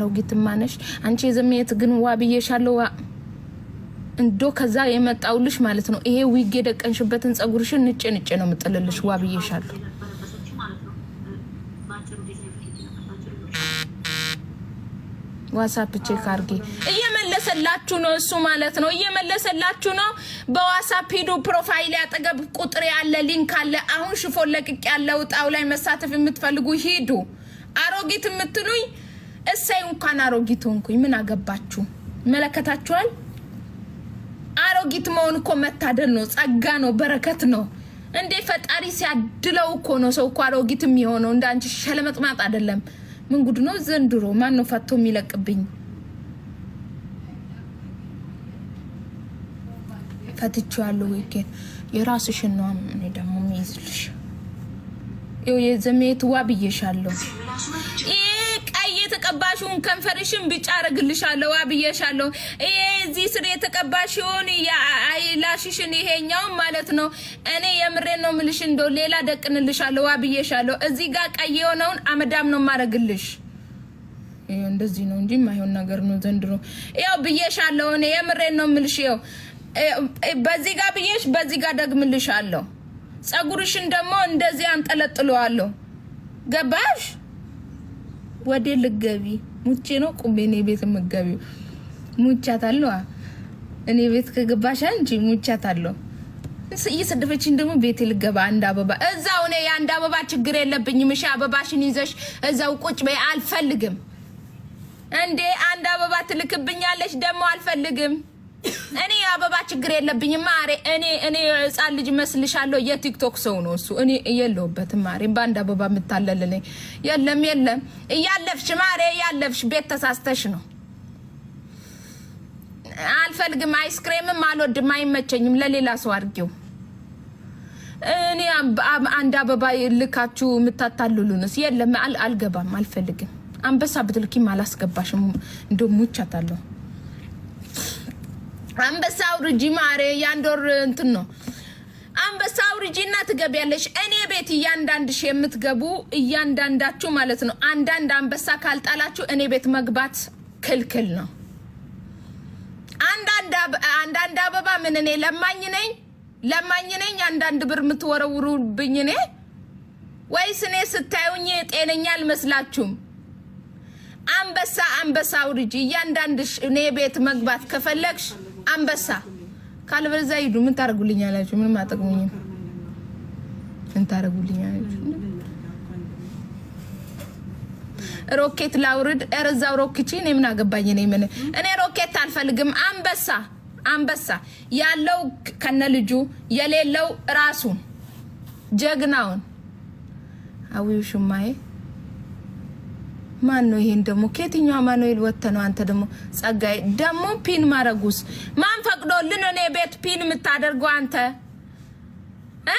አሮጊትማ ነሽ አንቺ የዘሜት ግን ዋ ብዬሻለሁ። ዋ እንዶ ከዛ የመጣውልሽ ማለት ነው። ይሄ ዊግ የደቀንሽበትን ጸጉርሽን ንጭ ንጭ ነው የምጥልልሽ። ዋ ብዬሻለሁ። ዋትሳፕ ቼክ አርጌ እየመለሰላችሁ ነው። እሱ ማለት ነው እየመለሰላችሁ ነው። በዋትሳፕ ሂዱ። ፕሮፋይል አጠገብ ቁጥር ያለ ሊንክ አለ። አሁን ሽፎን ለቅቅ ያለ ውጣው ላይ መሳተፍ የምትፈልጉ ሂዱ። አሮጊት የምትሉኝ እሰይ እንኳን አሮጊት ሆንኩኝ። ምን አገባችሁ? መለከታችኋል። አሮጊት መሆን እኮ መታደል ነው፣ ጸጋ ነው፣ በረከት ነው። እንዴ ፈጣሪ ሲያድለው እኮ ነው ሰው እኮ አሮጊት የሚሆነው። እንደ አንቺ ሸለመጥማጥ አይደለም። ምን ጉድ ነው ዘንድሮ? ማን ነው ፈቶ የሚለቅብኝ? ፈትቼዋለሁ። ዊኬን የራስሽን ነው። እኔ ደግሞ የሚይዝልሽ ዘሜትዋ ብዬሻለሁ። የተቀባሽውን ከንፈርሽን ብጫ አረግልሻለሁ አብየሻለሁ። ይሄ እዚህ ስር የተቀባሽውን አይላሽሽን ይሄኛውን ማለት ነው። እኔ የምሬ ነው ምልሽ፣ እንደው ሌላ ደቅንልሻለሁ አብየሻለሁ። እዚህ ጋር ቀይ የሆነውን አመዳም ነው ማረግልሽ። እንደዚህ ነው እንጂ ማይሆን ነገር ነው ዘንድሮ። ያው ብዬሻለሁ፣ እኔ የምሬ ነው ምልሽ። ያው በዚህ ጋር ብዬሽ፣ በዚህ ጋር ደግምልሻለሁ። ጸጉርሽን ደግሞ እንደዚህ አንጠለጥለዋለሁ። ገባሽ? ወዴ ልገቢ ሙቼ ነው ቁሜ እኔ ቤት የምገቢው ሙቻታለሁ። እኔ ቤት ከገባሽ አንቺ ሙቻት ሙቻታለሁ። እየሰደፈችኝ ደግሞ ቤቴ ልገባ አንድ አበባ እዛው እኔ የአንድ አበባ ችግር የለብኝም። እሺ አበባሽን ይዘሽ እዛው ቁጭ በይ። አልፈልግም እንዴ አንድ አበባ ትልክብኛለሽ ደግሞ አልፈልግም። እኔ አበባ ችግር የለብኝም ማሬ። እኔ እኔ ህፃን ልጅ መስልሻለሁ? የቲክቶክ ሰው ነው እሱ። እኔ የለሁበትም ማሬ። በአንድ አበባ የምታለልልኝ የለም፣ የለም። እያለፍሽ ማሬ፣ እያለፍሽ ቤት ተሳስተሽ ነው። አልፈልግም። አይስክሬምም አልወድም፣ አይመቸኝም። ለሌላ ሰው አድርጌው። እኔ አንድ አበባ ልካችሁ የምታታልሉንስ? የለም፣ አልገባም፣ አልፈልግም። አንበሳ ብትልኪም አላስገባሽም። እንደ ሙቻታለሁ አንበሳ አውርጂ ማሬ፣ የአንድ ወር እንትን ነው። አንበሳ አውርጂና ትገቢያለሽ። እኔ ቤት እያንዳንድሽ የምትገቡ እያንዳንዳችሁ ማለት ነው። አንዳንድ አንበሳ ካልጣላችሁ እኔ ቤት መግባት ክልክል ነው። አንዳንድ አበባ ምን እኔ ለማኝ ነኝ ለማኝ ነኝ። አንዳንድ ብር የምትወረውሩብኝ እኔ ወይስ እኔ ስታዩኝ ጤነኛ አልመስላችሁም? አንበሳ አንበሳ አውርጂ እያንዳንድሽ እኔ ቤት መግባት ከፈለግሽ አንበሳ ካልበዛ ሂዱ። ምን ታደርጉልኝ አላችሁ? ምንም አጠቅሙኝም። ምን ታደርጉልኝ አላችሁ? ሮኬት ላውርድ? ኧረ እዛው ሮኬቺ እኔ ምን አገባኝ? እኔ ምን እኔ ሮኬት አልፈልግም። አንበሳ አንበሳ ያለው ከነ ልጁ የሌለው ራሱን ጀግናውን አዊው ሹማዬ ማን ነው ይሄን ደግሞ ከየትኛው አማኑኤል ወጥተ ነው አንተ ደግሞ ጸጋዬ ደግሞ ፒን ማረጉስ ማን ፈቅዶልን እኔ ቤት ፒን የምታደርገው አንተ እ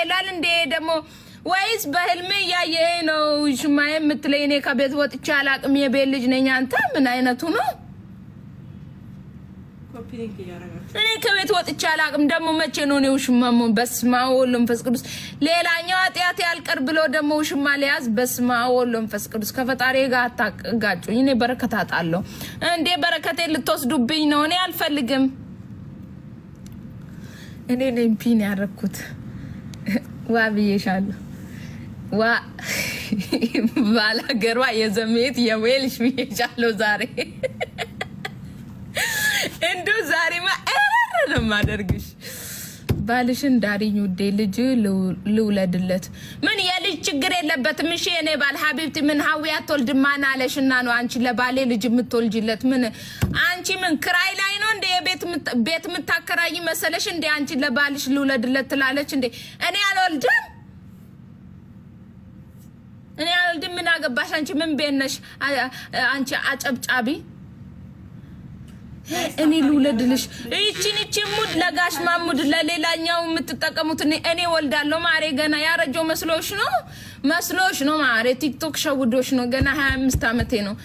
ይላል እንዴ ደግሞ ወይስ በህልም እያየ ነው ውሽማዬ የምትለኝ እኔ ከቤት ወጥቼ አላቅም የቤት ልጅ ነኝ አንተ ምን አይነቱ ነው እኔ ከቤት ወጥቼ አላቅም። ደግሞ መቼ ነው እኔ ውሽማ መሆን? በስመ አብ ወወልድ ወመንፈስ ቅዱስ። ሌላኛው ኃጢአት ያልቀር ብሎ ደግሞ ውሽማ ሊያዝ። በስመ አብ ወወልድ ወመንፈስ ቅዱስ። ከፈጣሪ ጋር አታጋጩኝ። እኔ በረከት አጣለሁ እንዴ? በረከቴን ልትወስዱብኝ ነው? እኔ አልፈልግም። እኔ ነኝ ፒን ያደረኩት። ዋ ብዬሻለሁ። ዋ ባላገሯ የዘሜት የዌልሽ ብዬሻለሁ ዛሬ እንደው ዛሬማ እረር ነው የማደርግሽ። ባልሽን ዳሪኝ ውዴ፣ ልጅ ልውለድለት። ምን የልጅ ችግር የለበትም። እሺ የኔ ባል ሀቢብቲ ምን ሀዊያ አትወልድም ማን አለሽና ነው አንቺ ለባሌ ልጅ የምትወልጅለት? ምን አንቺ ምን ክራይ ላይ ነው እንደ ቤት የምታከራይ መሰለሽ? እንዴ? አንቺ ለባልሽ ልውለድለት ትላለች እንዴ? እኔ አልወልድም፣ እኔ አልወልድም። ምን አገባሽ አንቺ? ምን ቤት ነሽ አንቺ አጨብጫቢ እኔ ልውለድልሽ። ይቺን ይቺ ሙድ ለጋሽ ማሙድ ለሌላኛው የምትጠቀሙት እኔ ወልዳለሁ። ማሬ ገና ያረጀው መስሎሽ ነው መስሎሽ ነው ማሬ። ቲክቶክ ሸውዶሽ ነው። ገና 25 ዓመቴ ነው።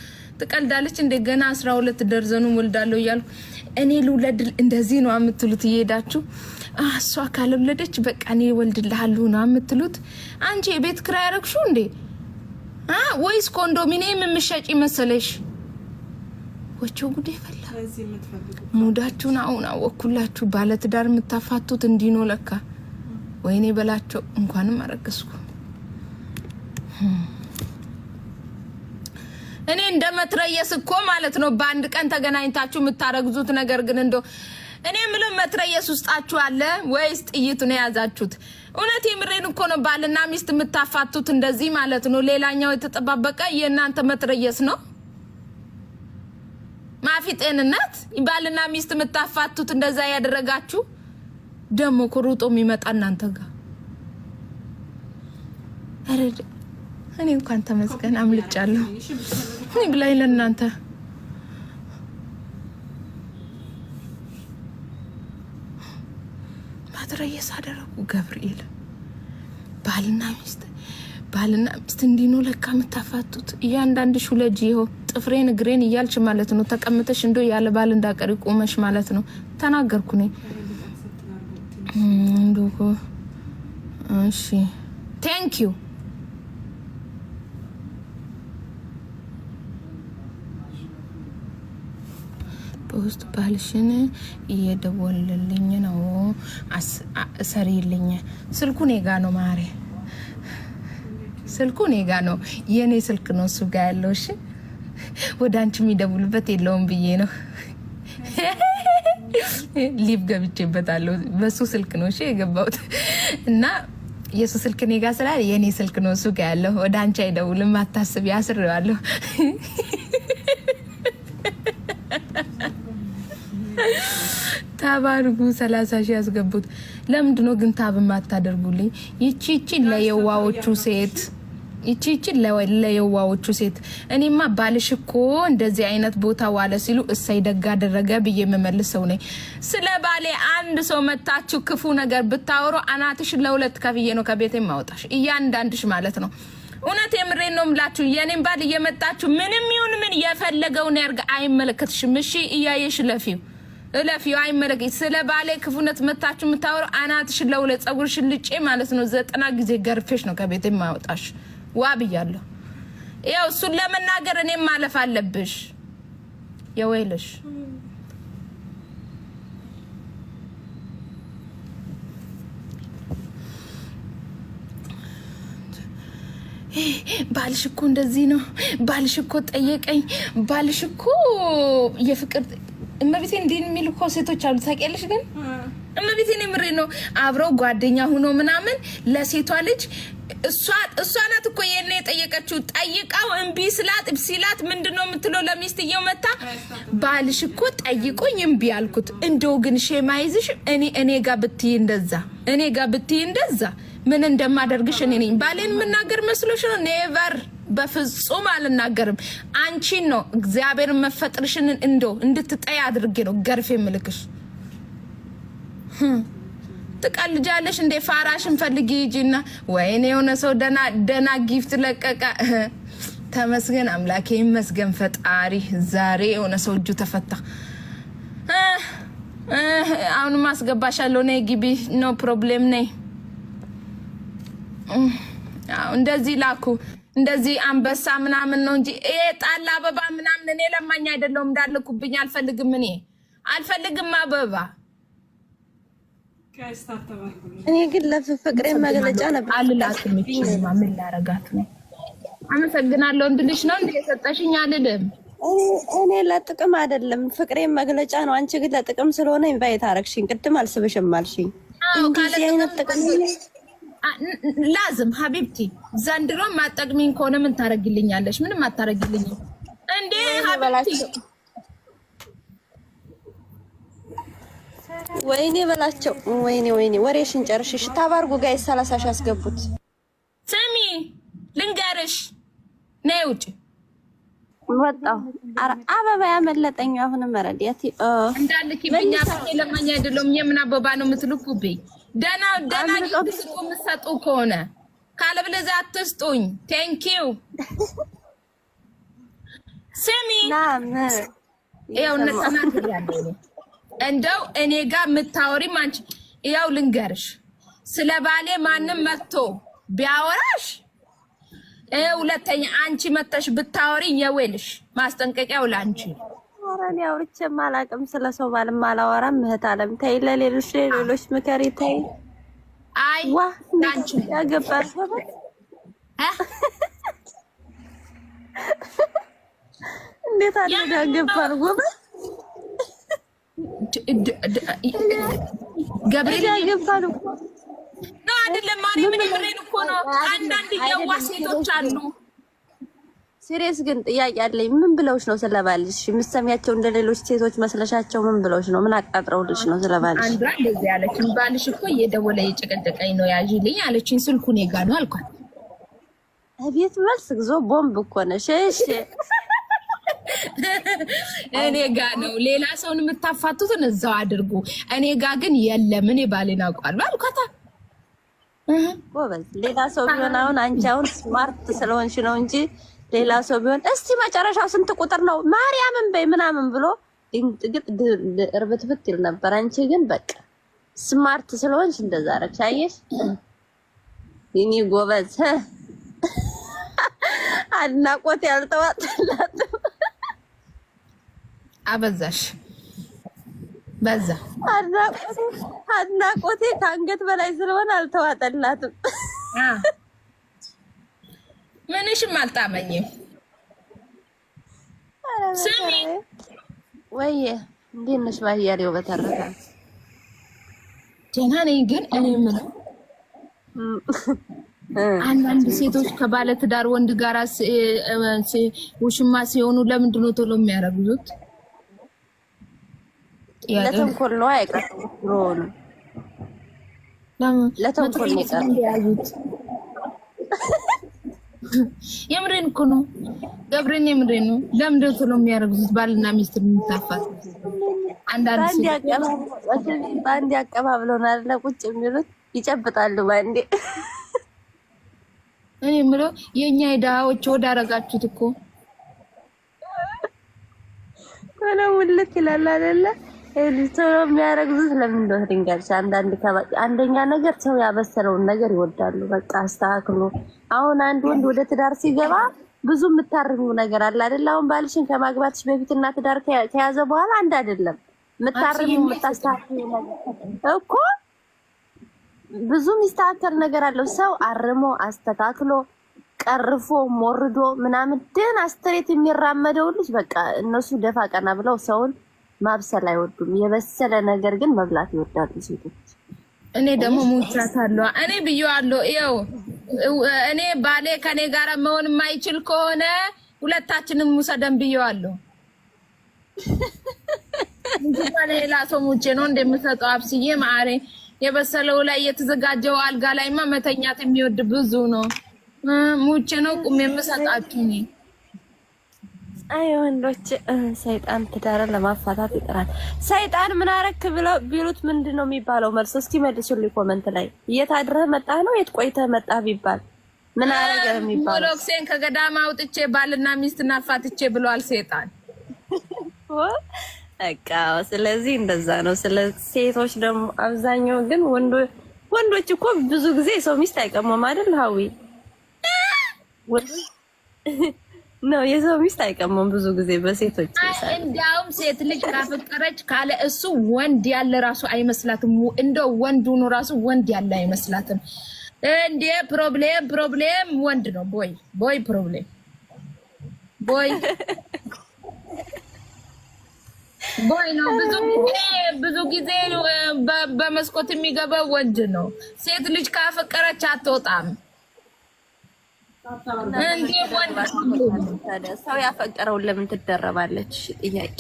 ትቀልዳለች እንዴ? ገና 12 ደርዘኑ ወልዳለሁ እያልኩ እኔ ልውለድ። እንደዚህ ነው የምትሉት እየሄዳችሁ እሷ ካልወለደች በቃ እኔ ወልድልሃለሁ ነው የምትሉት። አንቺ የቤት ክራይ ያረግሹ እንዴ ወይስ ኮንዶሚኒየም የምትሸጪ መሰለሽ? ወቸው ጉዴ ፈላ ሙዳችሁን አሁን አወኩላችሁ። ባለትዳር የምታፋቱት እንዲህ ነው ለካ። ወይኔ በላቸው። እንኳንም አረገዝኩ። እኔ እንደ መትረየስ እኮ ማለት ነው። በአንድ ቀን ተገናኝታችሁ የምታረግዙት ነገር ግን እንደው እኔ የምለው መትረየስ ውስጣችሁ አለ ወይስ ጥይት ነው የያዛችሁት? እውነት የምሬን እኮ ነው። ባልና ሚስት የምታፋቱት እንደዚህ ማለት ነው። ሌላኛው የተጠባበቀ የእናንተ መትረየስ ነው። አላፊ ጤንነት ባልና ሚስት የምታፋቱት እንደዛ ያደረጋችሁ ደግሞ ሩጦ የሚመጣ እናንተ ጋር እኔ እንኳን ተመስገን አምልጫለሁ። እኔ ብላይ ለእናንተ ማድረየስ አደረጉ። ገብርኤል ባልና ሚስት ባልና ሚስት እንዲኖ ለካ የምታፋቱት እያንዳንድ ሹለጅ ይሆን ጥፍሬን እግሬን እያልች ማለት ነው። ተቀምጠሽ እንዶ ያለ ባል እንዳቀሪ ቆመሽ ማለት ነው። ተናገርኩ እኔ እንዶኮ እሺ፣ ቴንክ ዩ በውስጥ ባህልሽን እየደወልልኝ ነው። ሰሪልኝ። ስልኩ ኔጋ ነው ማሬ፣ ስልኩ ኔጋ ጋ ነው። የእኔ ስልክ ነው እሱ ጋ ያለው። እሺ ወደ አንቺ የሚደውሉበት የለውም ብዬ ነው። ሊብ ገብቼበታለሁ። በሱ ስልክ ነው እሺ የገባሁት እና የሱ ስልክ እኔ ጋ ስላለ የእኔ ስልክ ነው እሱ ጋ ያለው። ወደ አንቺ አይደውልም አታስብ፣ አስሬዋለሁ። ታባርጉ ሰላሳ ሺህ ያስገቡት። ለምንድነው ግን ታብ ማታደርጉልኝ? ይቺ ይቺ ለየዋዎቹ ሴት ይቺ ይቺ ለየዋዎቹ ሴት እኔማ ባልሽ እኮ እንደዚህ አይነት ቦታ ዋለ ሲሉ እሰይ ደግ አደረገ ብዬ የምመልስ ሰው ነኝ። ስለ ባሌ አንድ ሰው መታችሁ ክፉ ነገር ብታወሩ አናትሽ ለሁለት ከፍዬ ነው ከቤቴ ማወጣሽ፣ እያንዳንድሽ ማለት ነው። እውነት የምሬን ነው ምላችሁ የኔም ባል እየመጣችሁ ምንም ይሁን ምን የፈለገውን ያርግ፣ አይመለከትሽም። እሺ እያየሽ ለፊው እለፊው አይመለክ ስለ ባሌ ክፉነት መታችሁ የምታወሩ አናትሽ ለሁለት ጸጉርሽ ልጬ ማለት ነው ዘጠና ጊዜ ገርፌሽ ነው ከቤቴ ማወጣሽ። ዋ ብያለሁ። ያው እሱን ለመናገር እኔም ማለፍ አለብሽ። የወይልሽ ባልሽ እኮ እንደዚህ ነው። ባልሽ እኮ ጠየቀኝ። ባልሽ እኮ የፍቅር እመቤቴ እንዲህ የሚል እኮ ሴቶች አሉ ታውቂያለሽ። ግን እመቤቴን ምሬ ነው። አብረው ጓደኛ ሁኖ ምናምን ለሴቷ ልጅ እሷ ናት እኮ የኔ የጠየቀችው። ጠይቃው እምቢ ስላት ሲላት ምንድን ነው የምትለው? ለሚስትየው መታ ባልሽ እኮ ጠይቆኝ እምቢ አልኩት። እንደው ግን ሼማ ይዝሽ እኔ እኔ ጋር ብትይ እንደዛ እኔ ጋር ብትይ እንደዛ ምን እንደማደርግሽ እኔ ነኝ። ባሌን የምናገር መስሎሽ ነው? ኔቨር በፍጹም አልናገርም። አንቺን ነው እግዚአብሔር መፈጠርሽን እንደው እንድትጠይ አድርጌ ነው ገርፌ ምልክሽ ትቀልጃለሽ እንዴ? ፋራሽን ፈልጊ ሂጂና። ወይኔ የሆነ ሰው ደና ጊፍት ለቀቀ። ተመስገን አምላኬ ይመስገን ፈጣሪ። ዛሬ የሆነ ሰው እጁ ተፈታ። አሁንማ አስገባሻለሁ። ነይ ግቢ። ኖ ፕሮብሌም ነይ። እንደዚህ ላኩ። እንደዚህ አንበሳ ምናምን ነው እንጂ ይሄ ጣላ አበባ ምናምን እኔ ለማኝ አይደለሁም። እንዳልኩብኝ አልፈልግም። እኔ አልፈልግም አበባ እኔ ግን ለፍቅሬ መግለጫ ነበር አልላክም አልላትም። ምን ላረጋት ነው? አመሰግናለሁ እንድልሽ ነው እንዴ የሰጠሽኝ አልልም። እኔ ለጥቅም አይደለም ፍቅሬ መግለጫ ነው። አንቺ ግን ለጥቅም ስለሆነ ኢንቫይት አረግሽኝ። ቅድም አልስብሽም አልሽኝ። እንደዚህ አይነት ጥቅም ላዝም ሀቢብቲ ዘንድሮም ማጠቅሚኝ ከሆነ ምን ታረግልኛለሽ? ምንም አታረግልኝም እንዴ ሀቢብቲ ወይኔ በላቸው። ወይኔ ወይኔ፣ ወሬሽን ጨርሽ። እሺ ታባርጉ ጋይ ሰላሳ ሺህ አስገቡት። ስሚ ልንገርሽ፣ ነይ ውጭ ወጣሁ። አበባ ያመለጠኝ አሁን መረዳት እንዳልክብኛ ለማኝ አይደለም። የምን አበባ ነው የምትልኩብኝ? ደና ደህና ስጡ የምትሰጡ ከሆነ ካለብለዛ አትስጡኝ። ቴንኪው ስሚ ናም ይኸው እነ ተናግሬያለሁ እንደው እኔ ጋር የምታወሪም አንቺ ያው ልንገርሽ፣ ስለ ባሌ ማንም መጥቶ ቢያወራሽ ሁለተኛ አንቺ መተሽ ብታወሪኝ የወልሽ ማስጠንቀቂያው ለአንቺ ማውራን አውርቼም አላውቅም። ስለ ሰው ባልም አላወራም። እህት አለም ተይ፣ ለሌሎች ሌሎች ምከሪ ተይ። አይ አንቺ ያገባል እንዴት አለ ያገባል ጎበዝ ገብርኤል ያገባሉ ነው አይደለም? ማርያም ምንምሬን እኮ ነው። አንዳንድ የዋ ሴቶች አሉ። ሲሪየስ ግን ጥያቄ አለኝ። ምን ብለውሽ ነው ስለባልሽ የምትሰሚያቸው? እንደ ሌሎች ሴቶች መስለሻቸው? ምን ብለውሽ ነው? ምን አቃጥረውልሽ ነው ስለባልሽ? አንዷ እንደዚህ ያለችኝ፣ ባልሽ እኮ እየደወለ የጨቀጨቀኝ ነው ያዥልኝ አለችኝ። ስልኩ እኔ ጋ ነው አልኳት። ቤት መልስ ግዞ ቦምብ እኮ ነሽ። እሺ እኔ ጋ ነው። ሌላ ሰውን የምታፋቱትን እዛው አድርጉ። እኔ ጋ ግን የለም። እኔ ባሌን አውቀዋለሁ አልኳታ። ሌላ ሰው ቢሆን አሁን አንቺ አሁን ስማርት ስለሆንሽ ነው እንጂ ሌላ ሰው ቢሆን እስቲ መጨረሻው ስንት ቁጥር ነው ማርያምን በይ ምናምን ብሎ እርብትብት ይል ነበር። አንቺ ግን በቃ ስማርት ስለሆንሽ እንደዛ አደረግሽ። አየሽ የእኔ ጎበዝ አድናቆት ያልተዋጥላት አበዛሽ በዛ አድናቆቴ ከአንገት በላይ ስለሆነ አልተዋጠላትም። ምንሽም አልጣመኝም። ስሚ ወየ እንዴት ነሽ? ባያሌው በተረፈ ደህና ነኝ። ግን እኔ የምለው አንዳንድ ሴቶች ከባለትዳር ወንድ ጋር ውሽማ ሲሆኑ ለምንድን ነው ቶሎ የሚያረግዙት? ለተንኮል ነው አይቀርም። ለተንኮል የምሬን እኮ ነው ገብሬን፣ የምሬን ነው። ለምንድን ቶሎ የሚያደርጉት ባልና ሚስት የሚታፋት በአንድ ቁጭ የሚሉት ይጨብጣሉ እኔ የምለው የእኛ የድሃዎች ወደ አረጋችሁት እኮ ይላል አይደለ? ቶሎ የሚያረግዙት ለምን እንደሆነ ልንገርሽ። አንዳንድ አንደኛ ነገር ሰው ያበሰለውን ነገር ይወዳሉ። በቃ አስተካክሎ አሁን አንድ ወንድ ወደ ትዳር ሲገባ ብዙ የምታርሙ ነገር አለ አይደል? አሁን ባልሽን ከማግባትሽ በፊት እና ትዳር ከያዘ በኋላ አንድ አይደለም የምታርሚው የምታስተካክሉ ነገር እኮ ብዙ የሚስተካከል ነገር አለው። ሰው አርሞ አስተካክሎ ቀርፎ ሞርዶ ምናምን ድን አስተሬት የሚራመደው ልጅ በቃ እነሱ ደፋ ቀና ብለው ሰውን ማብሰል አይወዱም። የበሰለ ነገር ግን መብላት ይወዳሉ ሴቶች። እኔ ደግሞ ሙቻታለሁ። እኔ ብዬዋለሁ። ይኸው እኔ ባሌ ከኔ ጋር መሆን የማይችል ከሆነ ሁለታችንም ሙሰደን ብዬዋለሁ። ሌላ ሰው ሙቼ ነው እንደምሰጠው። አብስዬ ማሬ የበሰለው ላይ የተዘጋጀው አልጋ ላይማ መተኛት የሚወድ ብዙ ነው። ሙቼ ነው ቁም የምሰጣችሁ እኔ አይ ወንዶች ሰይጣን ትዳርን ለማፋታት ይጥራል። ሰይጣን ምን አረክ ብለው ቢሉት ምንድን ነው የሚባለው መልስ? እስኪ መልሱልኝ ኮመንት ላይ። የት አድረህ መጣህ ነው የት ቆይተህ መጣህ ቢባል ምን አረገ የሚባለው? ሞሎክሴን ከገዳማ አውጥቼ ባልና ሚስትና አፋትቼ ብለዋል ሰይጣን። በቃ ስለዚህ እንደዛ ነው። ሴቶች ደግሞ አብዛኛው ግን ወንዶች እኮ ብዙ ጊዜ ሰው ሚስት አይቀሙም አይደል ሀዊ ነው የሰው ሚስት አይቀመም። ብዙ ጊዜ በሴቶች እንዲያውም ሴት ልጅ ካፈቀረች ካለ እሱ ወንድ ያለ ራሱ አይመስላትም። እንደ ወንድ ሆኖ ራሱ ወንድ ያለ አይመስላትም። እንዴ ፕሮብሌም ፕሮብሌም ወንድ ነው። ቦይ ቦይ ፕሮብሌም ቦይ ቦይ ነው። ብዙ ጊዜ ብዙ ጊዜ በመስኮት የሚገባ ወንድ ነው። ሴት ልጅ ካፈቀረች አትወጣም። ሰው ያፈቀረውን ለምን ትደረባለች? ጥያቄ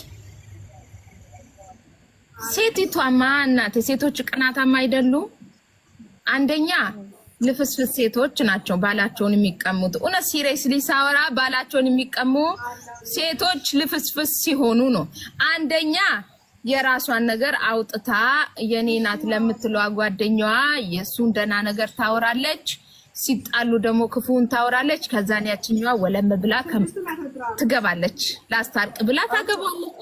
ሴቲቷማ እናቴ ሴቶች ቅናታማ አይደሉም? አንደኛ ልፍስፍስ ሴቶች ናቸው ባላቸውን የሚቀሙት። እውነት ሲሪየስሊ ሳወራ ባላቸውን የሚቀሙ ሴቶች ልፍስፍስ ሲሆኑ ነው። አንደኛ የራሷን ነገር አውጥታ የኔ ናት ለምትለዋ ጓደኛዋ የእሱን ደህና ነገር ታወራለች። ሲጣሉ ደግሞ ክፉን ታወራለች። ከዛን ያችኛዋ ወለም ብላ ትገባለች። ላስታርቅ ብላ ታገባለች።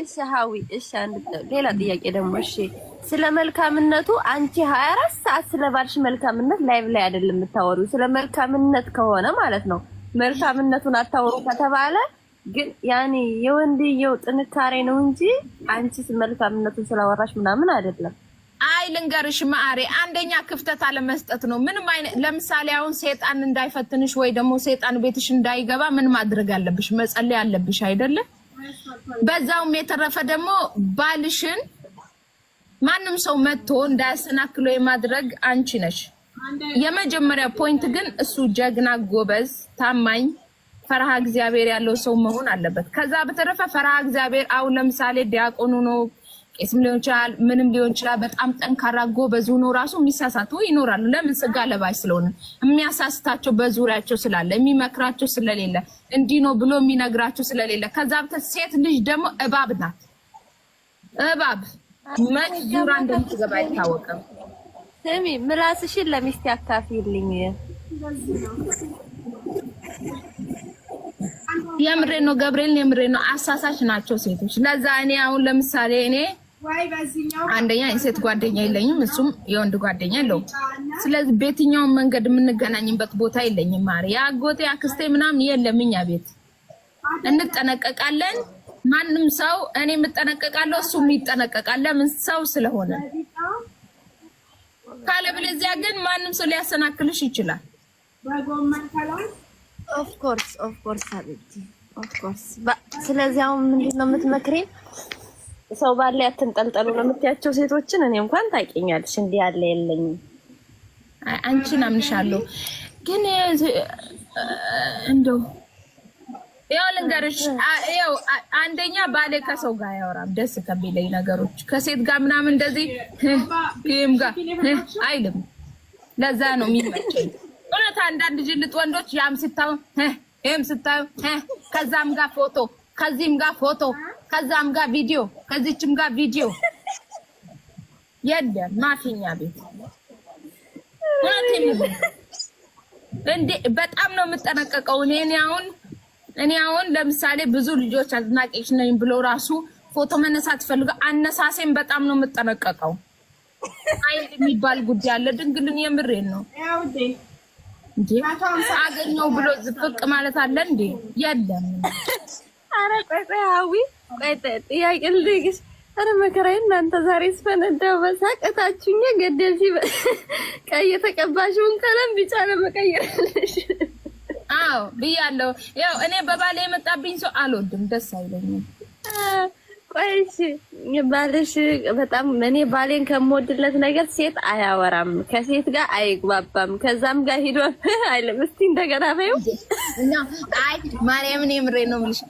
እሺ ሀዊ፣ እሺ አንድ ሌላ ጥያቄ ደግሞ እሺ፣ ስለ መልካምነቱ አንቺ ሀያ አራት ሰዓት ስለ ባልሽ መልካምነት ላይቭ ላይ አይደለም የምታወሩ። ስለ መልካምነት ከሆነ ማለት ነው መልካምነቱን አታወሩ ከተባለ ግን ያኔ የወንድየው ጥንካሬ ነው እንጂ አንቺ መልካምነቱን ስላወራሽ ምናምን አይደለም። ላይ ልንገርሽ ማሬ፣ አንደኛ ክፍተት አለመስጠት ነው። ምንም አይነት ለምሳሌ አሁን ሴጣን እንዳይፈትንሽ ወይ ደግሞ ሴጣን ቤትሽ እንዳይገባ ምን ማድረግ አለብሽ? መጸለይ አለብሽ አይደለም። በዛውም የተረፈ ደግሞ ባልሽን ማንም ሰው መጥቶ እንዳያሰናክሎ የማድረግ አንቺ ነሽ። የመጀመሪያ ፖይንት ግን እሱ ጀግና፣ ጎበዝ፣ ታማኝ ፈርሃ እግዚአብሔር ያለው ሰው መሆን አለበት። ከዛ በተረፈ ፈርሃ እግዚአብሔር አሁን ለምሳሌ ዲያቆኑ ነው ቄስም ሊሆን ይችላል፣ ምንም ሊሆን ይችላል። በጣም ጠንካራ ጎበዝ ሆኖ ራሱ የሚሳሳቱ ይኖራሉ። ለምን ስጋ ለባሽ ስለሆነ የሚያሳስታቸው በዙሪያቸው ስላለ፣ የሚመክራቸው ስለሌለ፣ እንዲህ ነው ብሎ የሚነግራቸው ስለሌለ። ከዛ ሴት ልጅ ደግሞ እባብ ናት። እባብ መች ዙራ እንደምትገባ አይታወቅም። ስሚ ምላስሽን ለሚስቴ አካፊልኝ። የምሬ ነው ገብርኤል፣ የምሬ ነው። አሳሳች ናቸው ሴቶች። ለዛ እኔ አሁን ለምሳሌ እኔ አንደኛ የሴት ጓደኛ የለኝም፣ እሱም የወንድ ጓደኛ የለውም። ስለዚህ በየትኛውም መንገድ የምንገናኝበት ቦታ የለኝም። ማሪ የአጎቴ አክስቴ ምናምን የለም። እኛ ቤት እንጠነቀቃለን። ማንም ሰው እኔ የምጠነቀቃለሁ፣ እሱም ይጠነቀቃል። ለምን ሰው ስለሆነ ካለብለዚያ ግን ማንም ሰው ሊያሰናክልሽ ይችላል። ኦፍኮርስ ኦፍኮርስ አቤት ስለዚህ አሁን ምንድን ነው የምትመክሪኝ? ሰው ባለ አትንጠልጠሉ ነው የምትያቸው ሴቶችን እኔ እንኳን ታውቂኛለሽ፣ እንዲህ ያለ የለኝም። አንቺን አምንሻለሁ፣ ግን እንደው ያው ልንገርሽ፣ ያው አንደኛ ባሌ ከሰው ጋር አያወራም። ደስ ከሚለኝ ነገሮች ከሴት ጋር ምናምን እንደዚህ ይህም ጋር አይልም። ለዛ ነው የሚመቸኝ እውነት። አንዳንድ ጅልጥ ወንዶች ያም ስታዩ ይህም ስታዩ ከዛም ጋር ፎቶ ከዚህም ጋር ፎቶ ከዛም ጋር ቪዲዮ ከዚችም ጋር ቪዲዮ የለም። ማፊኛ ቤት እንዴ! በጣም ነው የምጠነቀቀው። እኔ አሁን እኔ አሁን ለምሳሌ ብዙ ልጆች አድናቂሽ ነኝ ብሎ ራሱ ፎቶ መነሳት ፈልገ አነሳሴን በጣም ነው የምጠነቀቀው። አይል የሚባል ጉዳይ አለ። ድንግልን የምሬን ነው እንዴ! አገኘው ብሎ ዝፍቅ ማለት አለ እንዴ? የለም። አረ ቆይ ቆይ አዊ ጥያቄ ልጠይቅሽ። ኧረ መከራዬ እናንተ ዛሬ ስፈነዳው በሳቀታችሁኝ። ገደልሽ ቀይ የተቀባሽውን ቀለም ቢጫ ለመቀየር አዎ ብያለሁ። ያው እኔ በባሌ የመጣብኝ ሰው አልወድም፣ ደስ አይለኝም። ቆይሽ ባልሽ በጣም እኔ ባሌን ከምወድለት ነገር ሴት አያወራም፣ ከሴት ጋር አይግባባም፣ ከዛም ጋር ሂዶ አይልም። እስቲ እንደገና በይው አይ ማርያምን የምሬ ነው የምልሽ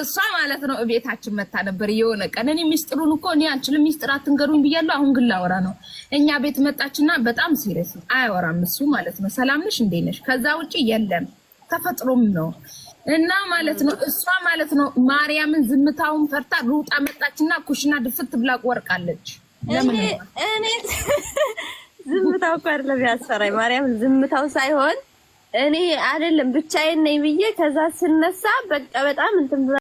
እሷ ማለት ነው እቤታችን መታ ነበር የሆነ ቀን። እኔ ሚስጥሩን እኮ እኔ አንችልም ሚስጥር አትንገሩኝ ብያለሁ። አሁን ግን ላወራ ነው። እኛ ቤት መጣችና በጣም ሲሪየስ አያወራም እሱ ማለት ነው። ሰላም ነሽ እንዴት ነሽ? ከዛ ውጭ የለም ተፈጥሮም ነው እና ማለት ነው እሷ ማለት ነው ማርያምን ዝምታውን ፈርታ ሩጣ መጣችና ኩሽና ድፍት ብላ ወርቃለች። ዝምታው እኮ አይደለም ያስፈራኝ ማርያምን ዝምታው ሳይሆን እኔ አይደለም ብቻዬን ነኝ ብዬ ከዛ ስነሳ በቃ በጣም እንትን